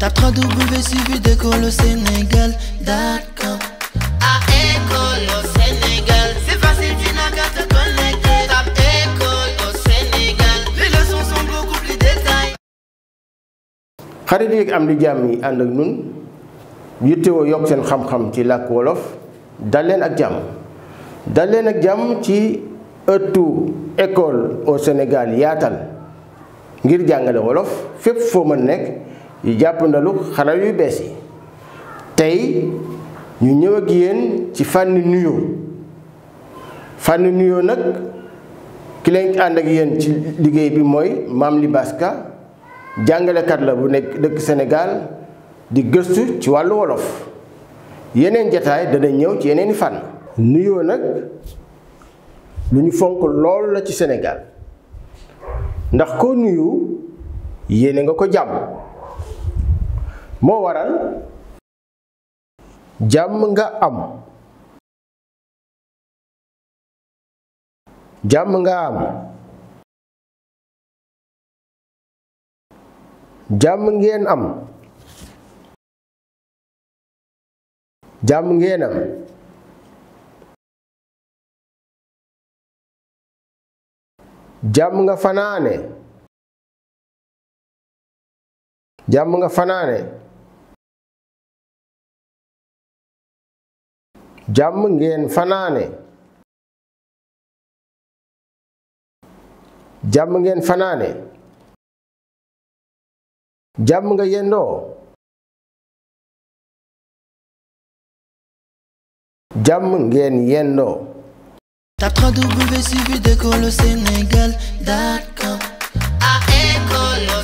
Tape 3 W suivi d'école Sénégal. D'accord. xarit yi am di jàmm yi ànd ak ñun yittewoo yokk seen xam-xam ci làkk wolof dal ak jàmm dalleen ak jàmm ci ëttu école au Sénégal yaatal ngir jàngale wolof fépp foo mën nekk. yu jàppandalu xarala yu bees yi tey ñu ñëw ak yéen ci fànn nuyoo fànn nuyoo nag ki leen ànd ak yéen ci liggéey bi mooy maam Libasse jàngalekat la bu nekk dëkk senegaal di gëstu ci wàllu wolof yeneen jataay dana ñëw ci yeneeni fànn nuyoo nag lu ñu fonk lool la ci senegaal ndax koo nuyu yéene nga ko jàmm moo waral jàmm nga am jàmm nga am jàmm ngeen am jàmm ngeen am jàmm nga fanaane jàmm nga fanaane jàmm ngeen fanaane jàmm ngeen fanaane jàmm nga yendoo jàmm ngeen yendoo Tape www.suividecolosénégal.com